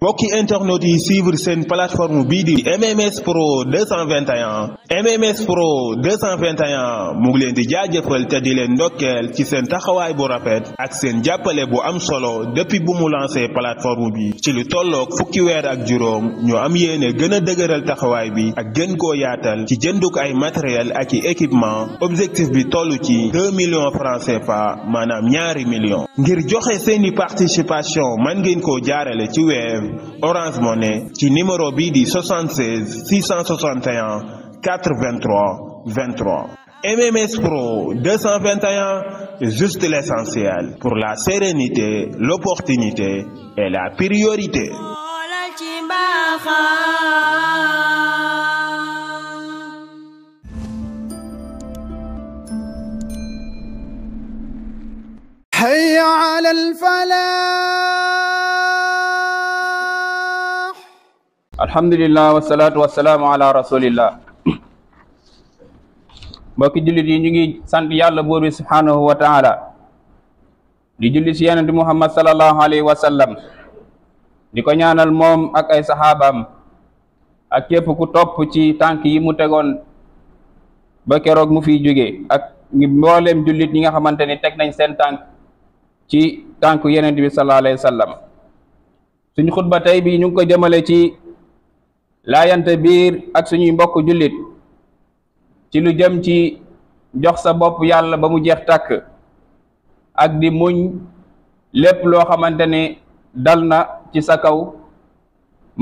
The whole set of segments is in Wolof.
mbokki internet yi suivre seen plateforme bii di MMS Pro 221 MMS Pro 221 mu ngi leen di jaajëfal te di leen ndokkeel ci seen taxawaay bu rafet ak seen jàppale bu am solo depuis bu mu lancé plateforme bi ci lu tolloog fukki weer ak juróom ñu am yéene gën a dëgëral taxawaay bi ak gën koo yaatal ci jënduk ay matériel ak i équipement objectif bi toll ci 2 millions francs CFA maanaam ñaari million ngir joxe seeni participation man ngeen koo jaarale ci Wave Orange Monnaie Tu numéro BD 76 661 83 23. MMS Pro 221 juste l'essentiel pour la sérénité, l'opportunité et la priorité. alhamdulillah wasalaatu wasalaamu ala rasulillah mbokki jullit yi ñu ngi sant yàlla buur bi wa taala di julli si muhammad sallallahu alaihi wa di ko ñaanal mom ak ay saxaabaam ak képp ku topp ci tànk yi mu tegoon ba mu ak mbooleem jullit ñi nga xamante ni teg nañ seen tànk ci tànk yonent bi salallahu alayhi wa sallam suñ bi ñu ko ci laayante biir ak suñuy mbokk jullit ci lu jëm ci jox sa bopp yàlla ba mu jeex ak di muñ lépp loo xamante ne dal na ci sa kaw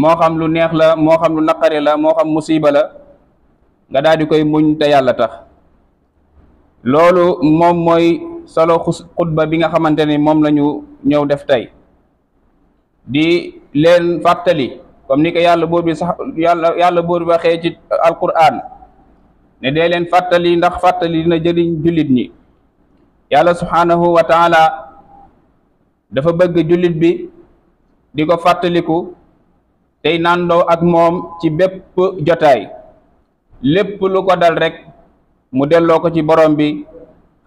moo xam lu neex la momoi xam lu naqari la moo xam musiba la nga di koy muñ te tax solo xutba bi nga xamante ne moom def di len fàttali comme ni ko yàlla buur bi sax yàlla yàlla buur bi waxee ci alquran ne dee leen fàttali ndax dina wa taala dafa bëgg jullit bi di ko fàttaliku tey nandoo ak moom ci bépp jotaay lépp lu ko dal rek mu delloo ko ci borom bi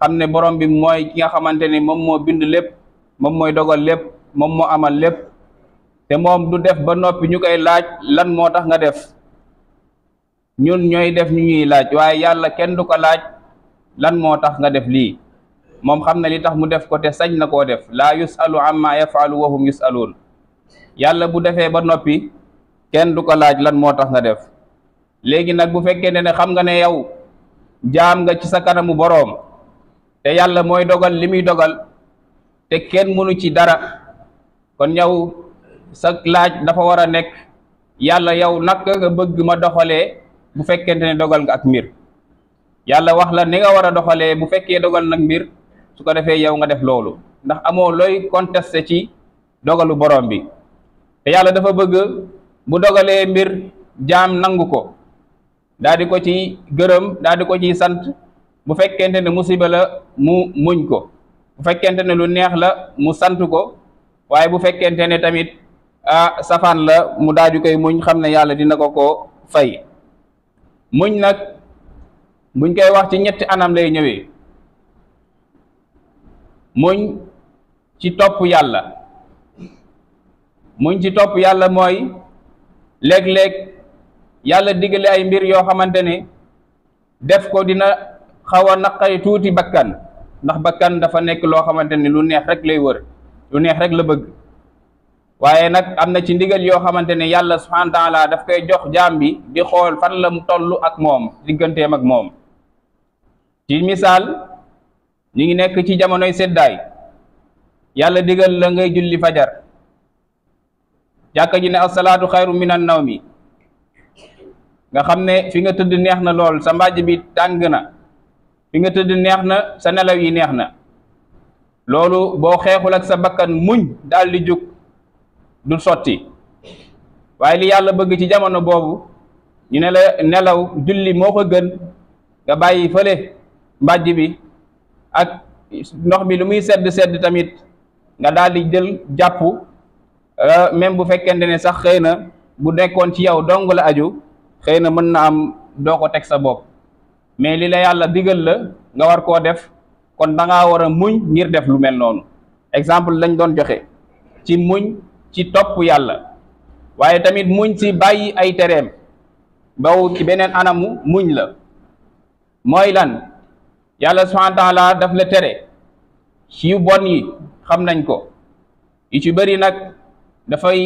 xam ne borom bi ki nga bind dogal amal lépp te moom du def ba noppi ñu koy laaj lan moo tax nga def ñun ñooy def ñu ñuy laaj waaye yàlla kenn du ko laaj lan moo tax nga def lii moom xam na li tax mu def ko te sañ na koo def laa yusalu amma yafalu wahum yusaluun yàlla bu defee ba noppi kenn du ko laaj lan moo tax nga def léegi nag bu fekkee ne ne xam nga ne yow jaam nga ci sa kanamu boroom te yàlla mooy dogal li muy dogal te kenn mënu ci dara kon ñaw sa laaj dafa war a nekk yàlla yow naka nga bëgg ma doxalee bu fekkente ne dogal nga ak mbir yàlla wax la ni nga war a doxalee bu fekkee dogal nag mbir su ko defee yow nga def loolu ndax amoo looy contesté ci dogalu borom bi te yàlla dafa bëgg bu dogalee mbir jaam nangu ko daa di ko ci gërëm daa di ko ciy sant bu fekkente ne musiba la mu muñ ko bu fekkente ne lu neex la mu sant ko waaye bu fekkente ne tamit ah safaan la mu daal di koy muñ xam ne yàlla dina ko ko fay muñ nag muñ koy wax ci ñetti anam lay ñëwee muñ ci topp yàlla muñ ci topp yàlla mooy léeg-léeg yàlla digale ay mbir yoo xamante ne def ko dina xawa a tuuti bakkan ndax bakkan dafa nekk loo xamante ne lu neex rek lay wër lu neex rek la bëgg waaye nag am na ci ndigal yoo xamante ne yàlla subhaanahu taala daf koy jox jaam bi di xool fan la mu toll ak moom digganteem ak moom ci misaal ñu ngi nekk ci jamonoy seddaay yàlla digal la ngay julli fajar jàkka ji ne asalaatu xayru min naw mi nga xam ne fi nga tëdd neex na lool sa mbàjj bi tàng na fi nga tëdd neex na sa nelaw yi neex na loolu boo xeexul ak sa bakkan muñ daal di jóg du sotti waaye li yàlla bëgg ci jamono boobu ñu ne la nelaw julli moo ko gën nga bàyyi fële mbàjj bi ak ndox mi lu muy sedd sedd tamit nga daal jël jàpp euh, même bu fekkente ne sax xëy na bu nekkoon ci yow dong la aju xëy na mën na am doo ko teg sa bopp mais li la yàlla digal la nga war koo def kon danga ngaa war a muñ ngir def lu mel noonu exemple lañ doon joxe ci muñ ci topp yàlla waaye tamit muñ ci bàyyi ay tereem baw ci beneen anamu muñ la mooy lan yàlla subhanahu wa taala daf la tere ci yu bon yi xam nañ ko yu ci bëri nag dafay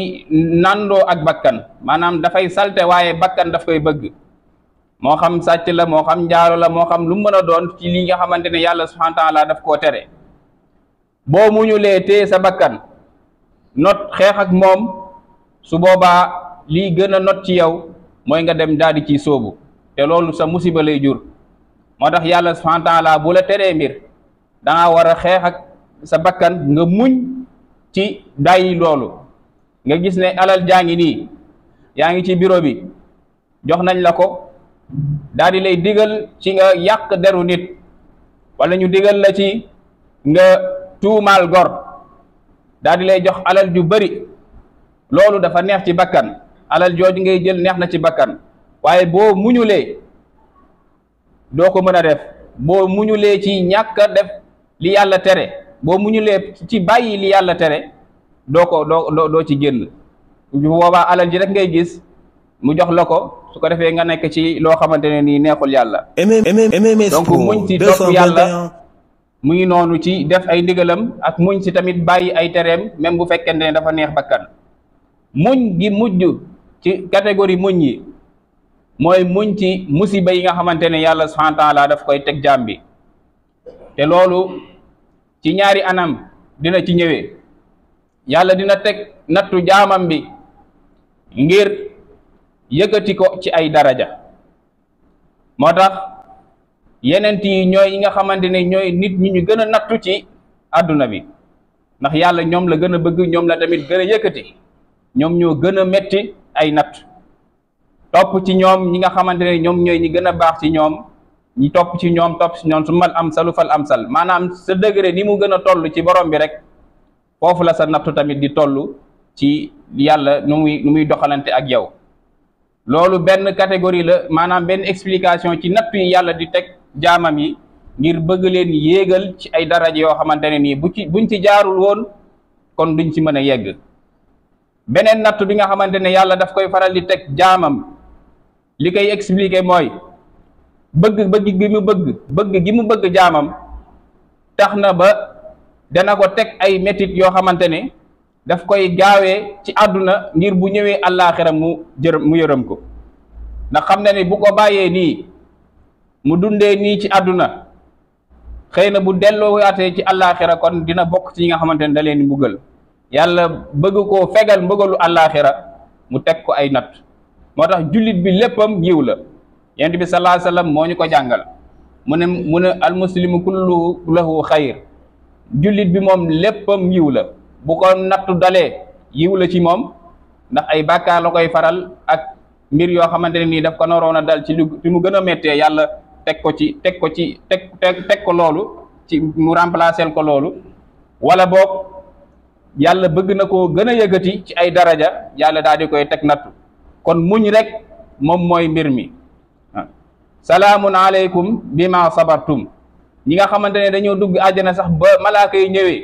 nandoo ak bakkan maanaam dafay salte waaye bàkkan daf koy bëgg moo xam sàcc la moo xam njaaro la moo xam lu mën a doon ci li nga xamante ne yàlla subhanahu wa taala daf koo tere boo muñulee tee sa bakkan not xeex ak moom su boobaa lii gën a not ci yow mooy nga dem daal di ciy sóobu te loolu sa musiba lay jur moo tax yàlla subhaanahu wa bu la teree mbir danga war a xeex ak sa bakkan nga muñ ci dayi loolu nga gis ne alal jaa ngi nii yaa ngi ci bureau bi jox nañ la ko daldi lay diggal ci nga yàq deru nit walla ñu digal la ci nga tuumaal gor daal di lay jox alal ju bari loolu dafa neex ci bakkan alal jooju ngay jël neex na ci bakkan waaye boo muñulee doo ko mën a def boo muñulee ci ñàkk def li yàlla tere boo muñulee ci bàyyi li yàlla tere doo ko doo doo ci génn bu boobaa alal ji rek ngay gis mu jox la ko su ko defee nga nekk ci loo xamante ne nii neexul yàlla donc muñ ci topp yàlla mu ngi noonu ci def ay ndigalam ak muñ ci tamit bàyyi ay tereem même bu fekkente ne dafa neex bakkan muñ gi mujj ci catégorie muñ yi mooy muñ ci musiba yi nga xamante ne yàlla subhaanahu wa taala daf koy teg jaam bi te loolu ci ñaari anam dina ci ñëwee yàlla dina teg nattu jaamam bi ngir yëkkati ko ci ay daraja moo tax yenent yi ñooy yi nga xamante ne ñooy nit ñi ñu gën a nattu ci àdduna bi ndax yàlla ñoom la gën a bëgg ñoom la tamit gën a yëkkati ñoom ñoo gën a metti ay natt topp ci ñoom ñi nga xamante ne ñoom ñooy ñi gën a baax ci ñoom ñi topp ci ñoom topp ci ñoom su mal am salu fal am sal maanaam sa degré ni mu gën a toll ci borom bi rek foofu la sa nattu tamit di toll ci yàlla nu muy nu muy doxalante ak yow loolu benn catégorie la maanaam benn explication ci nattu yi yàlla di teg jaamam yi ngir bëgg leen yéegal ci ay daraja yoo xamante ne nii bu ci buñ ci jaarul woon kon duñ ci mën a yegg beneen nattu bi nga xamante ne yàlla daf koy faral di teg jaamam li koy expliquer mooy bëgg bëgg gi mu bëgg jaamam tax na ba dana ko teg ay métit yoo xamante ne daf koy gaawee ci àdduna ngir bu ñëwee àllaaxira mu jërëm mu yërëm ko ndax xam na ne bu ko bàyyee nii mu dundee nii ci àdduna xëy na bu delloo waatee ci àllaaxira kon dina bokk ci ñi nga xamante ne da leen mbugal yàlla bëgg koo fegal mbugalu àllaaxira mu teg ko ay natt moo tax jullit bi léppam yiw la yonent bi sallallahu alayhi moo ñu ko jàngal mu ne mu ne almuslimu kulluhu lahu jullit bi moom léppam yiw la bu ko nattu dalee yiw la ci moom ndax ay bàkkaar la koy faral ak mbir yoo xamante ne nii daf ko naroon a dal ci lu mu gën a méttee yàlla teg ko ci teg ko ci teg teg ko loolu ci mu remplacer ko loolu wala boog yàlla bëgg na ko gën a yëgati ci ay daraja yàlla daal di koy teg nattu kon muñ rek moom mooy mbir mi salaamu ah. salaamun aleykum bima sabartum ñi nga xamante ne dañoo dugg àjjana sax ba malaaka yi ñëwee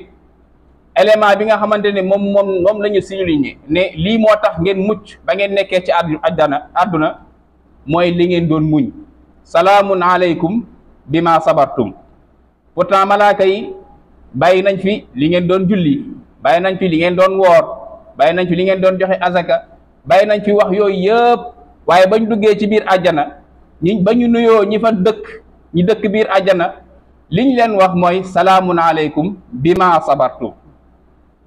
élément bi nga xamante ne moom moom lañu la ñu ne lii moo tax ngeen mucc ba ngeen nekkee ci àdduna àdduna mooy li ngeen doon muñ salaamun aleykum bi ma sabartum pourtant malaaka yi bàyyi nañ fi li ngeen doon julli bàyyi nañ fi li ngeen doon woor bàyyi nañ fi li ngeen doon joxe azaka bàyyi nañ fi wax yooyu yëpp waaye bañ duggee ci biir àjjana ñi ba ñu nuyoo ñi fa dëkk ñi dëkk biir àjjana liñ leen wax mooy salaamun aleykum bi ma sabartum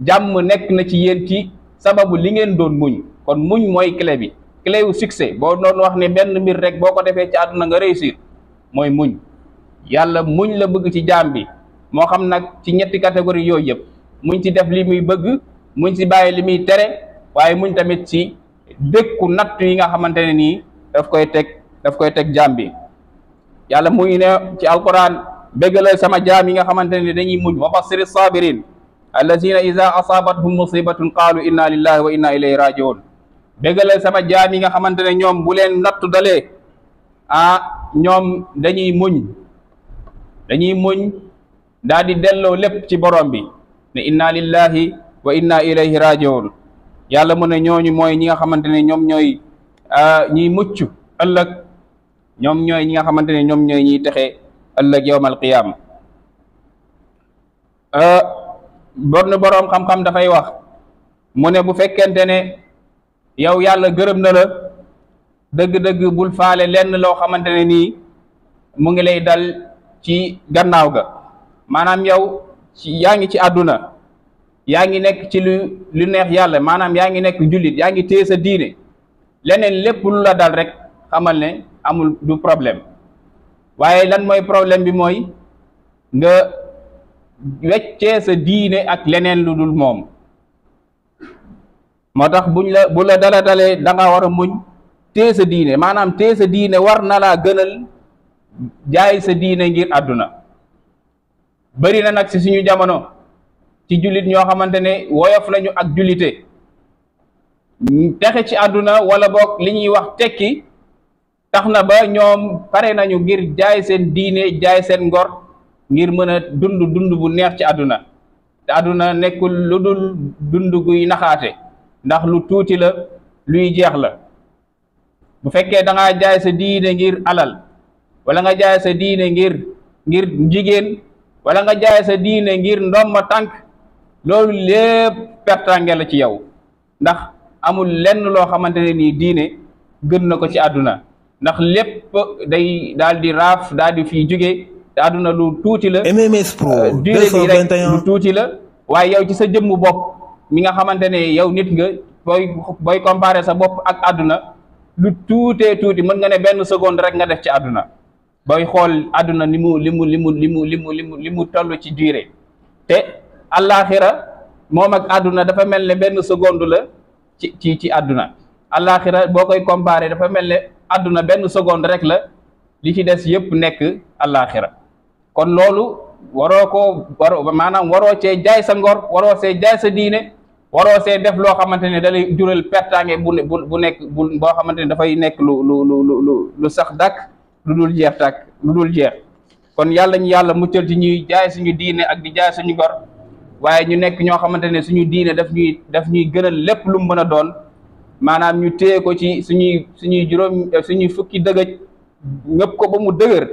jàmm nekk na ci yéen ci sababu li ngeen doon muñ kon muñ mooy clé bi clé wu boo doon wax ne benn mbir rek boo ko defee ci àdduna nga réussir mooy muñ yàlla muñ la bëgg ci jaam bi moo xam nag ci ñetti catégorie yooyu yëpp muñ ci def li muy bëgg muñ ci bàyyi li muy tere waaye muñ tamit ci dëkku natt yi nga xamante ne nii daf koy teg daf koy teg jaam bi yàlla muñ ne ci alquran béggalal sama jaam yi nga xamante ne dañuy muñ wa bassiri sabirin allazina ida asaabathum musibatun qaalu inna lillahi wa inna ilayhi rajiun bégalal sama jaam yi nga xamante ne ñoom bu leen nattu dalee ah ñoom dañuy muñ dañuy muñ daal di delloo lépp ci borom bi ne inna lillahi wa inna ilayhi rajiun yàlla mu ne ñooñu mooy ñi nga xamante ne ñoom ñooy ñiy mucc ëllëg ñoom ñooy ñi nga xamante ne ñoom ñooy ñiy texe ëllëg yowm al qiyaama born boroom xam-xam dafay wax mu ne bu fekkente yow yàlla gërëm na la dëgg-dëgg bul faale lenn loo xamante ne nii mu ngi lay dal ci gannaaw ga maanaam yow ci yaa ngi ci àdduna yaa ngi nekk ci lu lu neex yàlla maanaam yaa ngi nekk jullit yaa ngi téye sa diine leneen lépp lu la dal rek xamal ne amul du problème waaye lan mooy problème bi mooy nga weccee sa diine ak leneen lu dul moom moo tax buñ la bu la dala dalee danga nga war a muñ tée sa diine maanaam tée sa diine war na laa gënal jaay sa diine ngir àdduna bari na nag ci suñu jamono ci jullit ñoo xamante ne woyof lañu ak jullite texe ci àdduna wala boog li ñuy wax tekki tax na ba ñoom pare nañu ngir jaay seen diine jaay seen ngor ngir mën a dund dund bu neex ci àdduna te àdduna nekkul lu dul dund guy naxaate ndax lu tuuti la luy jeex la bu fekkee danga ngaa jaay sa diine ngir alal wala nga jaay sa diine ngir ngir jigéen wala nga jaay diine ngir ndomba tànk loolu lépp pertange la ci yow ndax amul lenn loo xamante ne nii diine gën na ko ci àdduna ndax lépp day daal di raaf daal di fii jóge te àdduna lu tuuti la. MMS Pro euh, diine bi rek lu tuuti la waaye yow ci sa jëmmu bopp. mi nga xamante ne yow nit nga boy booy comparer sa bopp ak aduna lu tuutee tuuti mën nga ne benn seconde rek nga def ci aduna booy xool aduna limu limu limu limu limu limu limu mu ci durée te àllaaxira moom ak aduna dafa mel ne benn seconde la ci ci ci àdduna àllaaxira boo koy comparer dafa mel ne àdduna benn seconde rek la li ci des yépp nekk kon lolu waroo ko waroo maanaam waroo cee jaay sa ngor waroo see sa diine waroo see def loo xamante ne dalay jural pertaange bu bu bu nekk bu boo xamante ne dafay nekk lu lu lu sax dàkk lu dul jeex dàkk lu jeex kon yàlla ñu yàlla muccal ci ñuy jaay suñu diine ak di jaay suñu gor waaye ñu nekk ñoo xamante ne suñu diine daf ñuy daf ñuy gënal lépp lu mu mën a doon maanaam ñu téye ko ci suñuy suñuy juróom suñuy fukki dëgëj ñëpp ko ba mu dëgër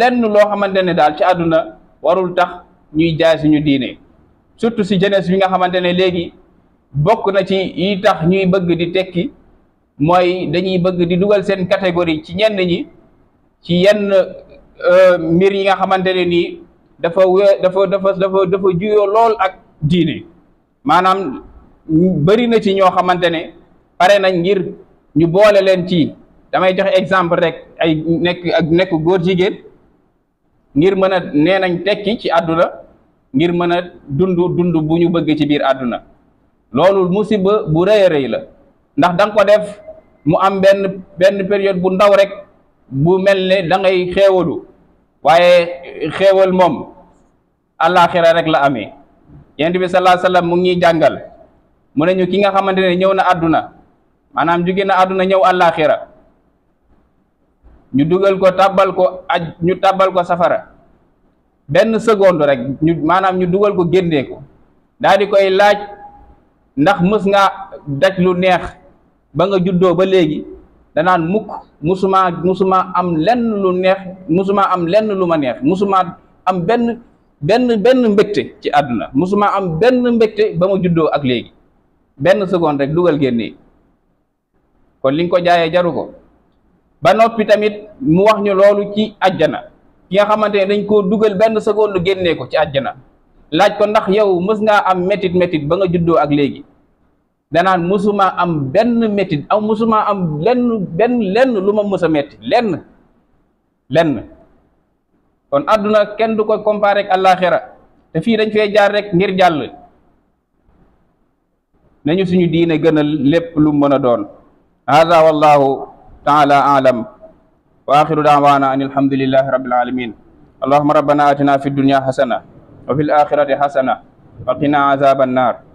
lenn loo xamante ne daal ci àdduna warul tax ñuy jaay suñu diine surtout si jeunesse bi nga xamante ne léegi bokk na ci yi tax ñuy bëgg di tekki mooy dañuy bëgg di dugal seen catégorie ci ñenn ñi ci yenn euh, mbir yi nga xamante ne nii dafa wé dafa dafa dafa dafa juyoo lool ak diine maanaam bëri na ci ñoo xamante ne pare nañ ngir ñu boole leen ci damay joxe exemple rek ay nekk ak nekk góor jigéen ngir mën a nee nañ tekki ci àdduna ngir mën dundu dundu dund bu ñu bëgg ci biir àdduna loolu musiba bu rëy a la ndax da ko def mu am ben ben période bu ndaw rek bu mel ne da ngay xéewalu waaye xéewal moom àllaaxira rek la amee yonent bi sallallahu alayhi wasallam mu ngi jàngal mu ne ñu ki nga xamante ne na àdduna maanaam jóge na àdduna ñëw àllaaxira ñu dugal ko tabal ko aj ñu tàbbal ko safara benn seconde rek ñu maanaam ñu dugal ko génnee ko daal di koy laaj ndax mës nga daj lu neex ba nga juddoo ba léegi danaan mukk musuma musuma am lenn lu neex musuma am lenn lu ma neex musuma am benn benn benn ci àdduna musuma am benn mbégte ba ma juddoo ak léegi benn seconde rek dugal génnee kon li nga ko jaayee jaru ko ba noppi tamit mu wax ñu loolu ci àjjana ki nga ya xamante ne dañ koo dugal benn seconde génnee ko ci àjjana laaj ko ndax yow mës am metit metit ba nga juddoo ak léegi am ben metit aw musuma am len benn len lu musa mës len len lenn lenn kon àdduna kenn du ko comparé ak àllaaxira te fii dañ fee jaar rek ngir jàll nañu suñu diine gënal lépp lu mën doon wallahu taala alam واخر دعوانا ان الحمد لله رب العالمين اللهم ربنا اتنا في الدنيا حسنه وفي الاخره حسنه وقنا عذاب النار